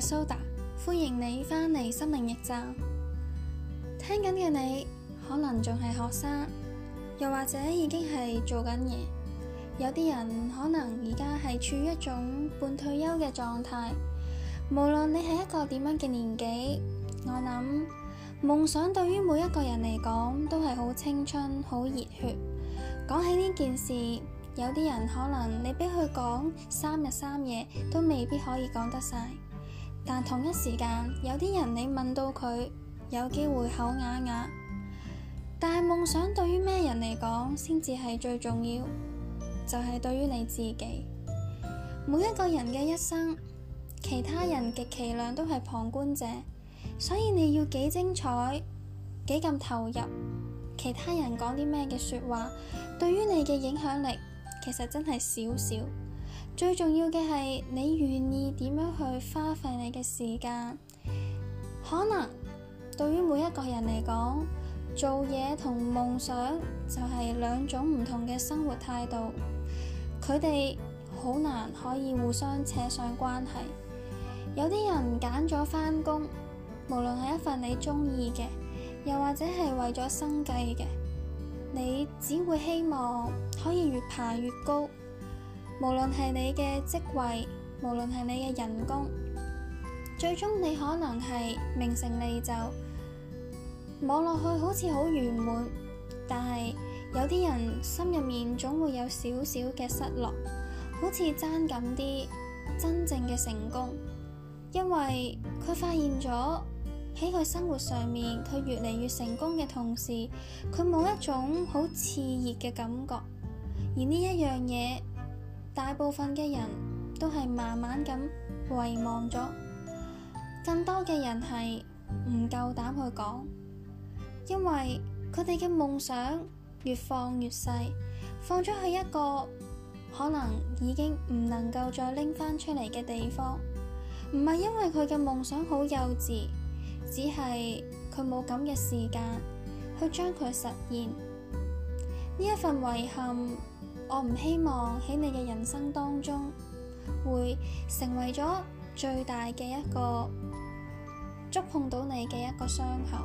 蘇達歡迎你翻嚟心靈驛站。聽緊嘅你可能仲係學生，又或者已經係做緊嘢。有啲人可能而家係處於一種半退休嘅狀態。無論你係一個點樣嘅年紀，我諗夢想對於每一個人嚟講都係好青春、好熱血。講起呢件事，有啲人可能你俾佢講三日三夜都未必可以講得晒。但同一時間，有啲人你問到佢，有機會口啞啞。但係夢想對於咩人嚟講先至係最重要，就係對於你自己。每一個人嘅一生，其他人極其量都係旁觀者，所以你要幾精彩，幾咁投入，其他人講啲咩嘅説話，對於你嘅影響力其實真係少少。最重要嘅係你願意點樣去花費你嘅時間。可能對於每一個人嚟講，做嘢同夢想就係兩種唔同嘅生活態度。佢哋好難可以互相扯上關係。有啲人揀咗返工，無論係一份你中意嘅，又或者係為咗生計嘅，你只會希望可以越爬越高。無論係你嘅職位，無論係你嘅人工，最終你可能係名成利就，望落去好似好圓滿，但係有啲人心入面總會有少少嘅失落，好似爭緊啲真正嘅成功，因為佢發現咗喺佢生活上面，佢越嚟越成功嘅同時，佢冇一種好熾熱嘅感覺，而呢一樣嘢。大部分嘅人都係慢慢咁遺忘咗，更多嘅人係唔夠膽去講，因為佢哋嘅夢想越放越細，放咗去一個可能已經唔能夠再拎返出嚟嘅地方。唔係因為佢嘅夢想好幼稚，只係佢冇咁嘅時間去將佢實現。呢一份遺憾。我唔希望喺你嘅人生當中會成為咗最大嘅一個觸碰到你嘅一個傷口。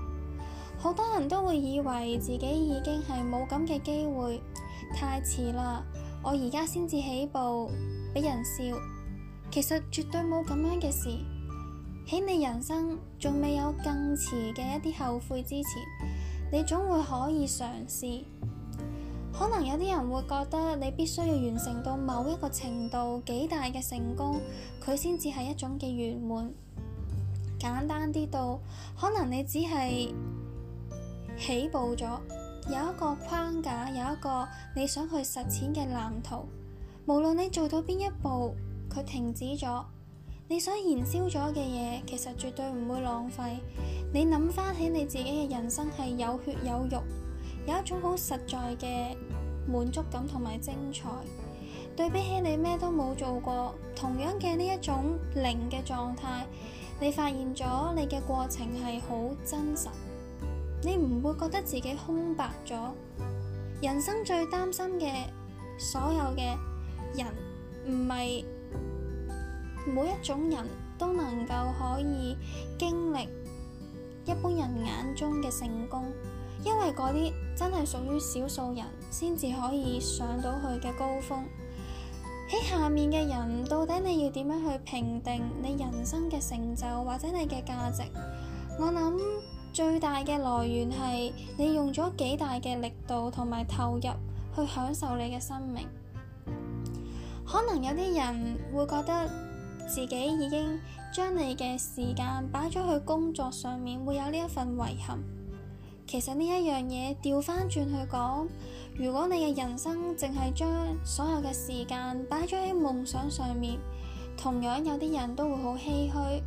好多人都會以為自己已經係冇咁嘅機會，太遲啦。我而家先至起步，俾人笑。其實絕對冇咁樣嘅事。喺你人生仲未有更遲嘅一啲後悔之前，你總會可以嘗試。可能有啲人會覺得你必須要完成到某一個程度幾大嘅成功，佢先至係一種嘅圓滿。簡單啲到，可能你只係起步咗，有一個框架，有一個你想去實踐嘅藍圖。無論你做到邊一步，佢停止咗，你想燃燒咗嘅嘢，其實絕對唔會浪費。你諗翻起你自己嘅人生係有血有肉。有一種好實在嘅滿足感同埋精彩，對比起你咩都冇做過，同樣嘅呢一種零嘅狀態，你發現咗你嘅過程係好真實，你唔會覺得自己空白咗。人生最擔心嘅所有嘅人，唔係每一種人都能夠可以經歷一般人眼中嘅成功，因為嗰啲，真係屬於少數人先至可以上到去嘅高峰。喺下面嘅人，到底你要點樣去評定你人生嘅成就或者你嘅價值？我諗最大嘅來源係你用咗幾大嘅力度同埋投入去享受你嘅生命。可能有啲人會覺得自己已經將你嘅時間擺咗去工作上面，會有呢一份遺憾。其實呢一樣嘢，調翻轉去講，如果你嘅人生淨係將所有嘅時間擺咗喺夢想上面，同樣有啲人都會好唏噓。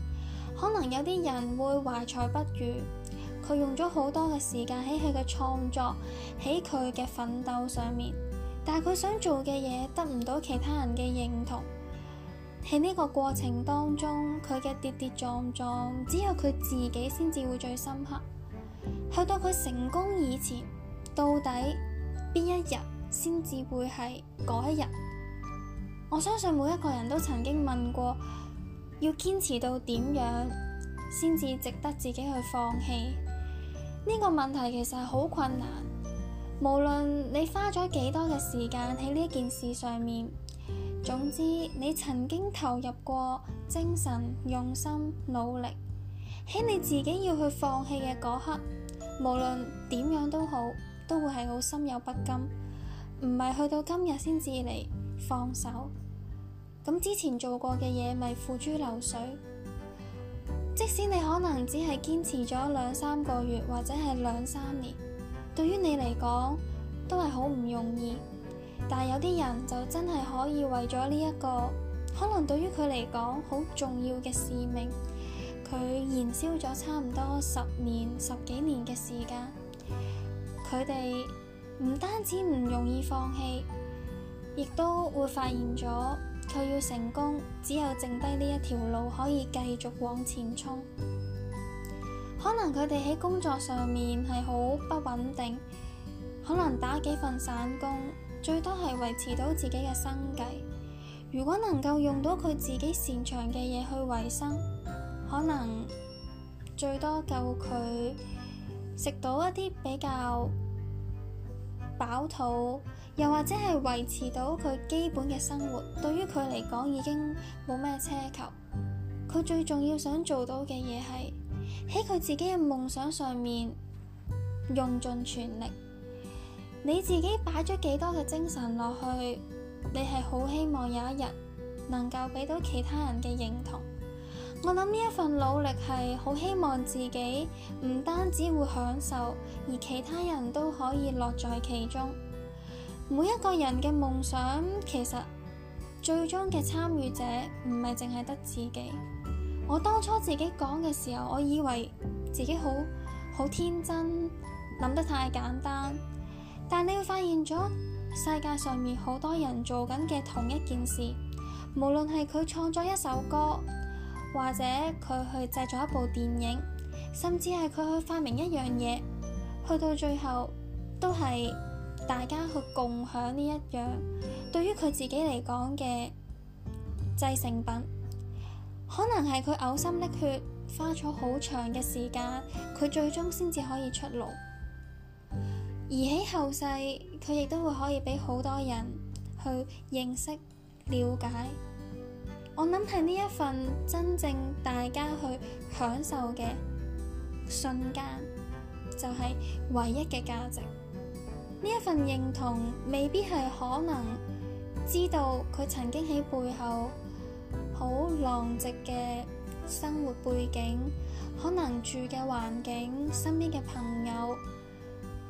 可能有啲人會懷才不遇，佢用咗好多嘅時間喺佢嘅創作、喺佢嘅奮鬥上面，但係佢想做嘅嘢得唔到其他人嘅認同。喺呢個過程當中，佢嘅跌跌撞撞，只有佢自己先至會最深刻。去到佢成功以前，到底邊一日先至會係嗰一日？我相信每一個人都曾經問過，要堅持到點樣先至值得自己去放棄呢個問題，其實係好困難。無論你花咗幾多嘅時間喺呢件事上面，總之你曾經投入過精神、用心、努力。喺你自己要去放棄嘅嗰刻，無論點樣都好，都會係好心有不甘。唔係去到今日先至嚟放手，咁之前做過嘅嘢咪付諸流水。即使你可能只係堅持咗兩三個月，或者係兩三年，對於你嚟講都係好唔容易。但係有啲人就真係可以為咗呢一個可能對於佢嚟講好重要嘅使命。佢燃燒咗差唔多十年，十幾年嘅時間。佢哋唔單止唔容易放棄，亦都會發現咗佢要成功，只有剩低呢一條路可以繼續往前衝。可能佢哋喺工作上面係好不穩定，可能打幾份散工，最多係維持到自己嘅生計。如果能夠用到佢自己擅長嘅嘢去維生。可能最多夠佢食到一啲比較飽肚，又或者係維持到佢基本嘅生活。對於佢嚟講，已經冇咩奢求。佢最重要想做到嘅嘢係喺佢自己嘅夢想上面用盡全力。你自己擺咗幾多嘅精神落去，你係好希望有一日能夠俾到其他人嘅認同。我諗呢一份努力係好，希望自己唔單止會享受，而其他人都可以樂在其中。每一個人嘅夢想，其實最終嘅參與者唔係淨係得自己。我當初自己講嘅時候，我以為自己好好天真，諗得太簡單。但你會發現咗，世界上面好多人做緊嘅同一件事，無論係佢創作一首歌。或者佢去製作一部電影，甚至係佢去發明一樣嘢，去到最後都係大家去共享呢一樣。對於佢自己嚟講嘅製成品，可能係佢嘔心瀝血，花咗好長嘅時間，佢最終先至可以出爐。而喺後世，佢亦都會可以俾好多人去認識、了解。我諗係呢一份真正大家去享受嘅瞬間，就係唯一嘅價值。呢一份認同未必係可能知道佢曾經喺背後好狼藉嘅生活背景，可能住嘅環境、身邊嘅朋友，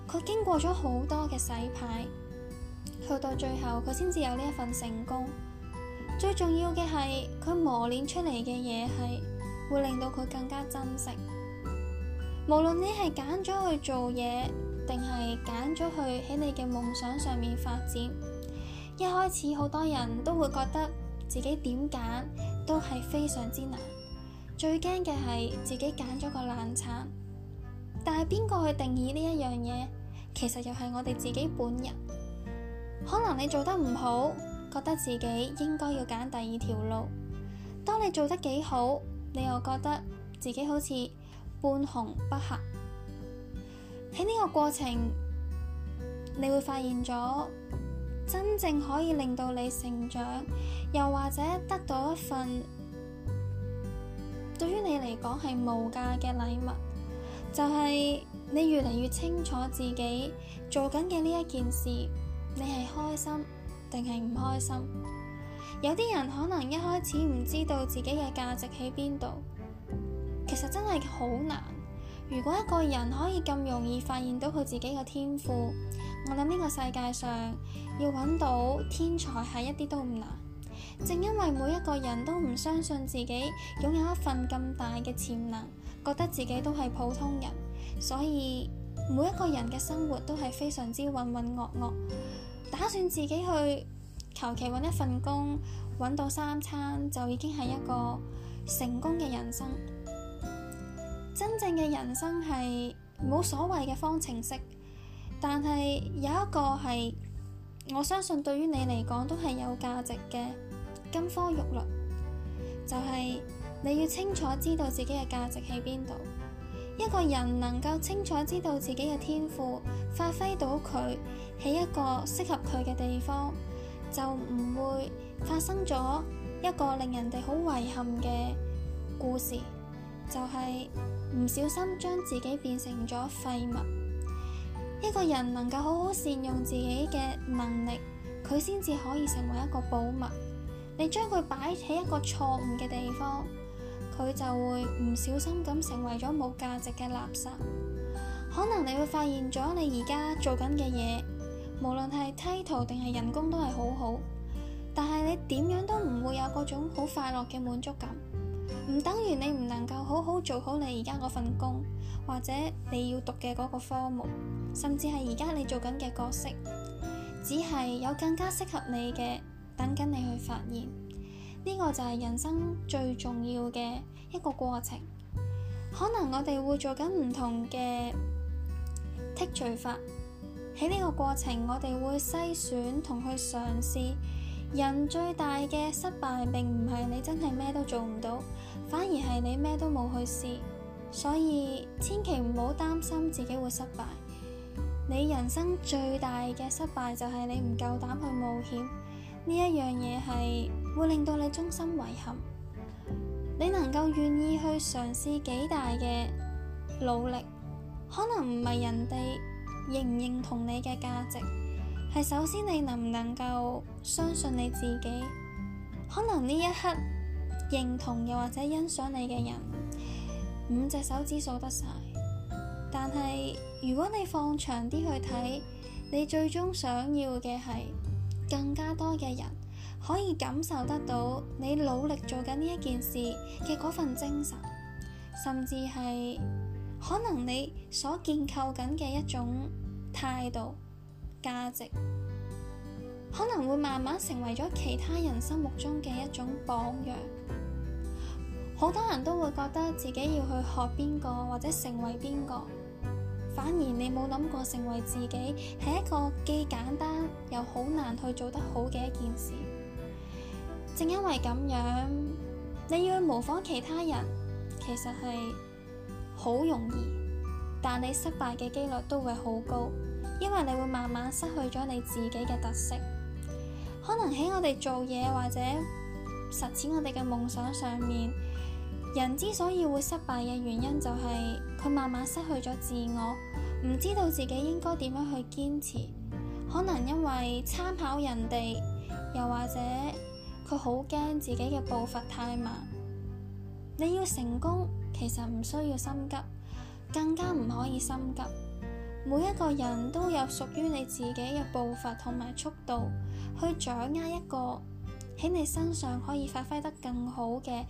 佢經過咗好多嘅洗牌，去到最後佢先至有呢一份成功。最重要嘅係佢磨練出嚟嘅嘢係會令到佢更加珍惜。無論你係揀咗去做嘢，定係揀咗去喺你嘅夢想上面發展，一開始好多人都會覺得自己點揀都係非常之難。最驚嘅係自己揀咗個爛橙，但係邊個去定義呢一樣嘢？其實又係我哋自己本人。可能你做得唔好。覺得自己應該要揀第二條路。當你做得幾好，你又覺得自己好似半紅不黑。喺呢個過程，你會發現咗真正可以令到你成長，又或者得到一份對於你嚟講係無價嘅禮物，就係、是、你越嚟越清楚自己做緊嘅呢一件事，你係開心，定係唔開心，有啲人可能一開始唔知道自己嘅價值喺邊度，其實真係好難。如果一個人可以咁容易發現到佢自己嘅天賦，我諗呢個世界上要搵到天才係一啲都唔難。正因為每一個人都唔相信自己擁有一份咁大嘅潛能，覺得自己都係普通人，所以每一個人嘅生活都係非常之渾渾噩噩。打算自己去求其揾一份工，揾到三餐就已經係一個成功嘅人生。真正嘅人生係冇所謂嘅方程式，但係有一個係我相信對於你嚟講都係有價值嘅金科玉律，就係、是、你要清楚知道自己嘅價值喺邊度。一個人能夠清楚知道自己嘅天賦，發揮到佢喺一個適合佢嘅地方，就唔會發生咗一個令人哋好遺憾嘅故事，就係唔小心將自己變成咗廢物。一個人能夠好好善用自己嘅能力，佢先至可以成為一個寶物。你將佢擺喺一個錯誤嘅地方。佢就會唔小心咁成為咗冇價值嘅垃圾。可能你會發現咗，你而家做緊嘅嘢，無論係 title 定係人工都係好好，但係你點樣都唔會有嗰種好快樂嘅滿足感。唔等於你唔能夠好好做好你而家嗰份工，或者你要讀嘅嗰個科目，甚至係而家你做緊嘅角色，只係有更加適合你嘅，等緊你去發現。呢個就係人生最重要嘅一個過程。可能我哋會做緊唔同嘅剔除法，喺呢個過程，我哋會篩選同去嘗試。人最大嘅失敗並唔係你真係咩都做唔到，反而係你咩都冇去試。所以千祈唔好擔心自己會失敗。你人生最大嘅失敗就係你唔夠膽去冒險。呢一樣嘢係會令到你終身遺憾。你能夠願意去嘗試幾大嘅努力，可能唔係人哋認唔認同你嘅價值，係首先你能唔能夠相信你自己。可能呢一刻認同又或者欣賞你嘅人五隻手指數得晒，但係如果你放長啲去睇，你最終想要嘅係更加多嘅人。可以感受得到你努力做緊呢一件事嘅嗰份精神，甚至係可能你所建構緊嘅一種態度價值，可能會慢慢成為咗其他人心目中嘅一種榜樣。好多人都會覺得自己要去學邊個或者成為邊個，反而你冇諗過成為自己，係一個既簡單又好難去做得好嘅一件事。正因為咁樣，你要去模仿其他人，其實係好容易，但你失敗嘅幾率都會好高，因為你會慢慢失去咗你自己嘅特色。可能喺我哋做嘢或者實踐我哋嘅夢想上面，人之所以會失敗嘅原因就係佢慢慢失去咗自我，唔知道自己應該點樣去堅持。可能因為參考人哋，又或者。佢好驚自己嘅步伐太慢。你要成功，其實唔需要心急，更加唔可以心急。每一個人都有屬於你自己嘅步伐同埋速度，去掌握一個喺你身上可以發揮得更好嘅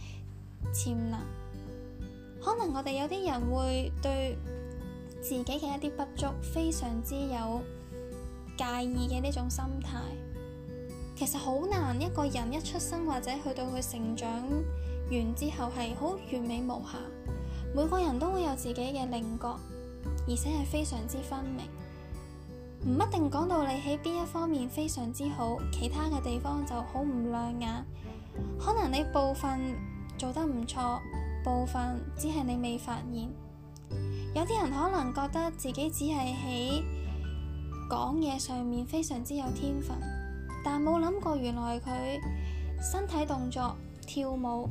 潛能。可能我哋有啲人會對自己嘅一啲不足非常之有介意嘅呢種心態。其實好難，一個人一出生或者去到佢成長完之後係好完美無瑕。每個人都會有自己嘅稜角，而且係非常之分明。唔一定講到你喺邊一方面非常之好，其他嘅地方就好唔亮眼。可能你部分做得唔錯，部分只係你未發現。有啲人可能覺得自己只係喺講嘢上面非常之有天分。但冇諗過，原來佢身體動作跳舞，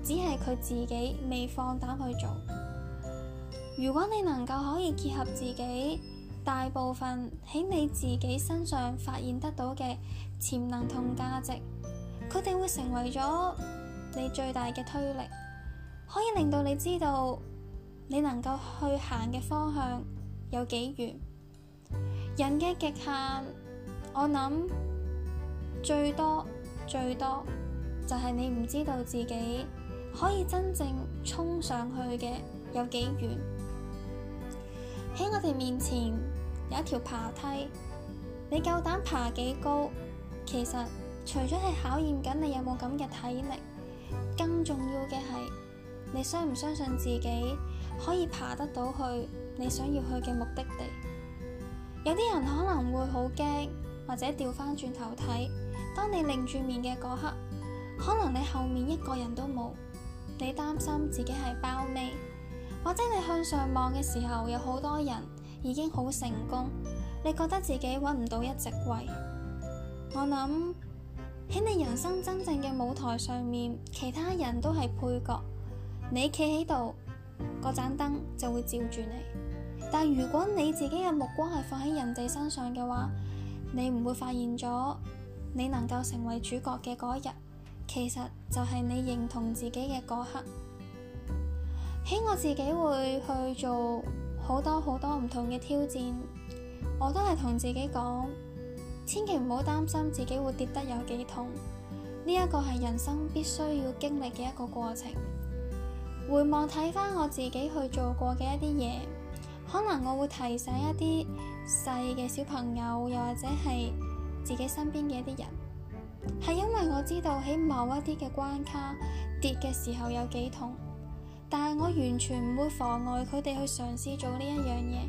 只係佢自己未放膽去做。如果你能夠可以結合自己大部分喺你自己身上發現得到嘅潛能同價值，佢哋會成為咗你最大嘅推力，可以令到你知道你能夠去行嘅方向有幾遠。人嘅極限，我諗。最多最多就係你唔知道自己可以真正衝上去嘅有幾遠。喺我哋面前有一條爬梯，你夠膽爬幾高？其實除咗係考驗緊你有冇咁嘅體力，更重要嘅係你相唔相信自己可以爬得到去你想要去嘅目的地。有啲人可能會好驚，或者掉翻轉頭睇。當你擰住面嘅嗰刻，可能你後面一個人都冇，你擔心自己係包尾，或者你向上望嘅時候，有好多人已經好成功，你覺得自己揾唔到一席位。我諗，喺你人生真正嘅舞台上面，其他人都係配角，你企喺度，嗰盞燈就會照住你。但如果你自己嘅目光係放喺人哋身上嘅話，你唔會發現咗。你能夠成為主角嘅嗰日，其實就係你認同自己嘅嗰刻。喺我自己會去做好多好多唔同嘅挑戰，我都係同自己講，千祈唔好擔心自己會跌得有幾痛。呢一個係人生必須要經歷嘅一個過程。回望睇返我自己去做過嘅一啲嘢，可能我會提醒一啲細嘅小朋友，又或者係，自己身邊嘅一啲人，係因為我知道喺某一啲嘅關卡跌嘅時候有幾痛，但係我完全唔會妨礙佢哋去嘗試做呢一樣嘢，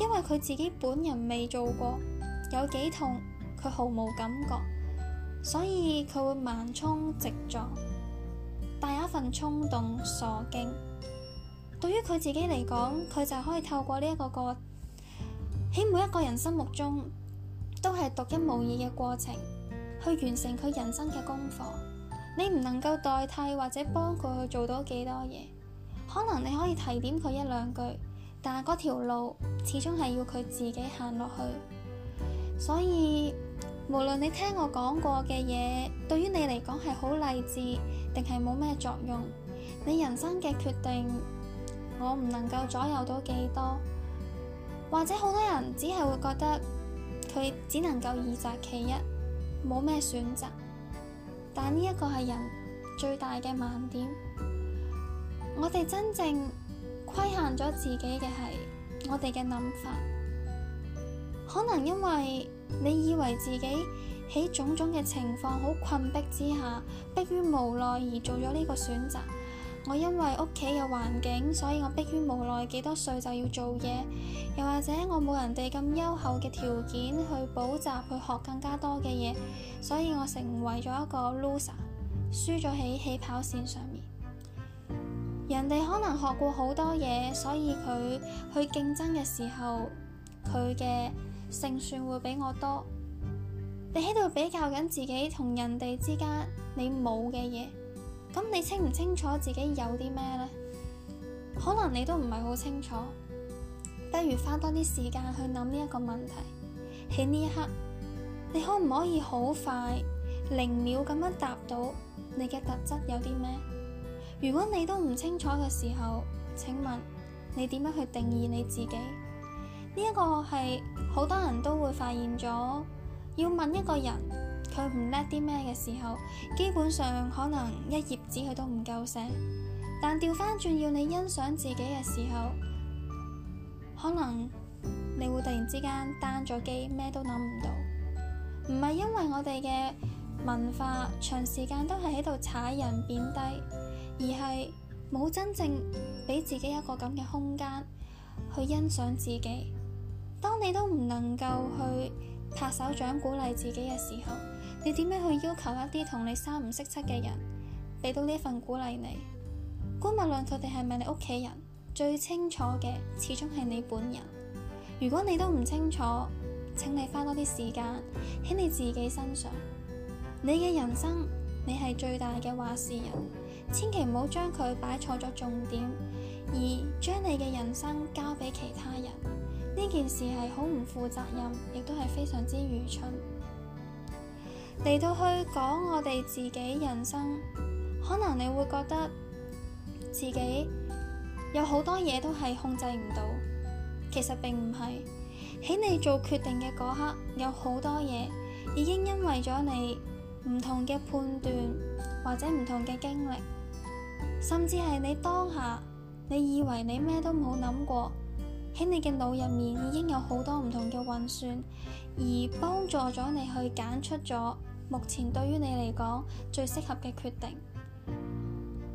因為佢自己本人未做過，有幾痛佢毫無感覺，所以佢會盲衝直撞，帶有一份衝動傻勁。對於佢自己嚟講，佢就可以透過呢一個個喺每一個人心目中。都係獨一無二嘅過程，去完成佢人生嘅功課。你唔能夠代替或者幫佢去做到幾多嘢，可能你可以提點佢一兩句，但係嗰條路始終係要佢自己行落去。所以無論你聽我講過嘅嘢，對於你嚟講係好勵志定係冇咩作用，你人生嘅決定我唔能夠左右到幾多，或者好多人只係會覺得。佢只能夠二擇其一，冇咩選擇。但呢一個係人最大嘅盲點。我哋真正規限咗自己嘅係我哋嘅諗法。可能因為你以為自己喺種種嘅情況好困迫之下，迫於無奈而做咗呢個選擇。我因為屋企有環境，所以我迫於無奈幾多歲就要做嘢，又或者我冇人哋咁優厚嘅條件去補習去學更加多嘅嘢，所以我成為咗一個 loser，輸咗喺起跑線上面。人哋可能學過好多嘢，所以佢去競爭嘅時候，佢嘅勝算會比我多。你喺度比較緊自己同人哋之間你冇嘅嘢。咁你清唔清楚自己有啲咩呢？可能你都唔係好清楚，不如花多啲時間去諗呢一個問題。喺呢一刻，你可唔可以好快零秒咁樣答到你嘅特質有啲咩？如果你都唔清楚嘅時候，請問你點樣去定義你自己？呢一個係好多人都會發現咗，要問一個人。佢唔叻啲咩嘅時候，基本上可能一頁紙佢都唔夠寫。但掉返轉要你欣賞自己嘅時候，可能你會突然之間單咗機，咩都諗唔到。唔係因為我哋嘅文化長時間都係喺度踩人貶低，而係冇真正俾自己一個咁嘅空間去欣賞自己。當你都唔能夠去拍手掌鼓勵自己嘅時候。你點樣去要求一啲同你三唔識七嘅人俾到呢份鼓勵你？觀物是是你姑勿論佢哋係咪你屋企人，最清楚嘅始終係你本人。如果你都唔清楚，請你花多啲時間喺你自己身上。你嘅人生，你係最大嘅話事人，千祈唔好將佢擺錯咗重點，而將你嘅人生交俾其他人，呢件事係好唔負責任，亦都係非常之愚蠢。嚟到去講我哋自己人生，可能你會覺得自己有好多嘢都係控制唔到。其實並唔係，喺你做決定嘅嗰刻，有好多嘢已經因為咗你唔同嘅判斷或者唔同嘅經歷，甚至係你當下你以為你咩都冇諗過，喺你嘅腦入面已經有好多唔同嘅運算，而幫助咗你去揀出咗，目前對於你嚟講，最適合嘅決定，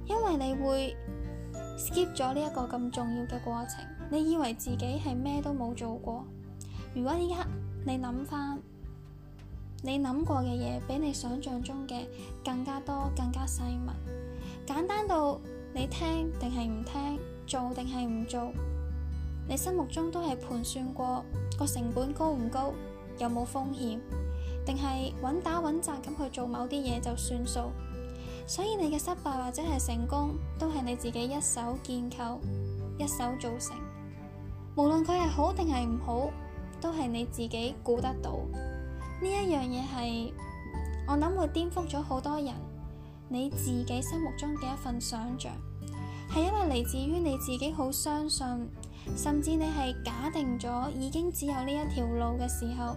因為你會 skip 咗呢一個咁重要嘅過程。你以為自己係咩都冇做過。如果依家你諗返，你諗過嘅嘢比你想像中嘅更加多、更加細密，簡單到你聽定係唔聽，做定係唔做，你心目中都係盤算過個成本高唔高，有冇風險。定係穩打穩扎咁去做某啲嘢，就算數，所以你嘅失敗或者係成功都係你自己一手建構、一手造成。無論佢係好定係唔好，都係你自己估得到。呢一樣嘢係我諗會顛覆咗好多人，你自己心目中嘅一份想象，係因為嚟自於你自己好相信，甚至你係假定咗已經只有呢一條路嘅時候。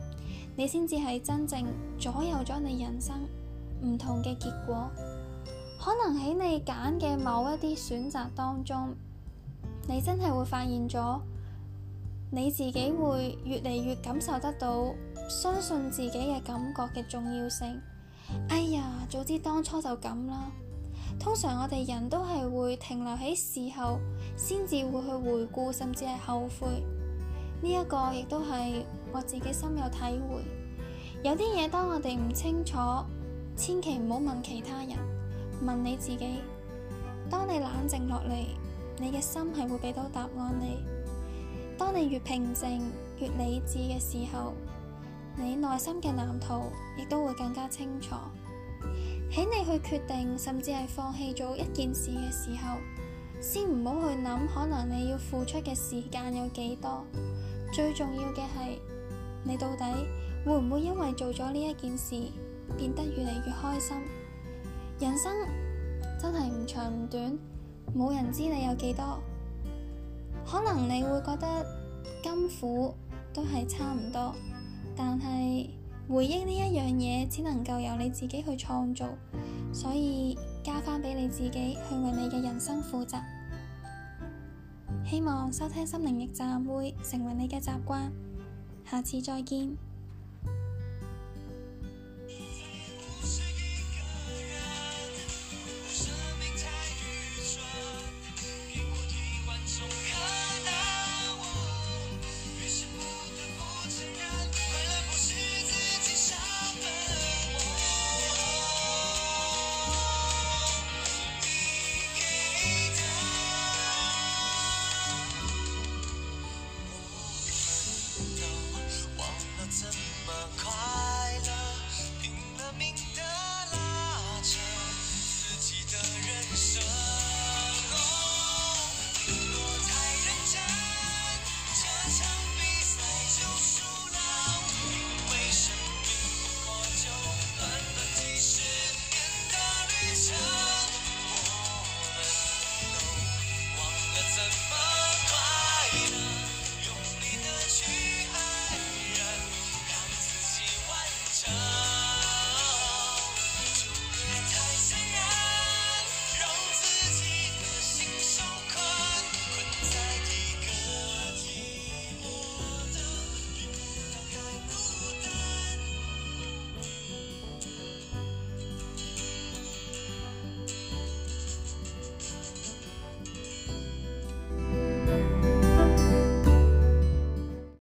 你先至係真正左右咗你人生唔同嘅結果，可能喺你揀嘅某一啲選擇當中，你真係會發現咗你自己會越嚟越感受得到，相信自己嘅感覺嘅重要性。哎呀，早知當初就咁啦。通常我哋人都係會停留喺事後先至會去回顧，甚至係後悔呢一個，亦都係。我自己深有體會，有啲嘢，當我哋唔清楚，千祈唔好問其他人，問你自己。當你冷靜落嚟，你嘅心係會俾到答案你。當你越平靜，越理智嘅時候，你內心嘅藍圖亦都會更加清楚。喺你去決定，甚至係放棄咗一件事嘅時候，先唔好去諗，可能你要付出嘅時間有幾多，最重要嘅係。你到底會唔會因為做咗呢一件事變得越嚟越開心？人生真係唔長唔短，冇人知你有幾多。可能你會覺得甘苦都係差唔多，但係回憶呢一樣嘢，只能夠由你自己去創造，所以加翻俾你自己去為你嘅人生負責。希望收聽心靈驛站會成為你嘅習慣。下次再見。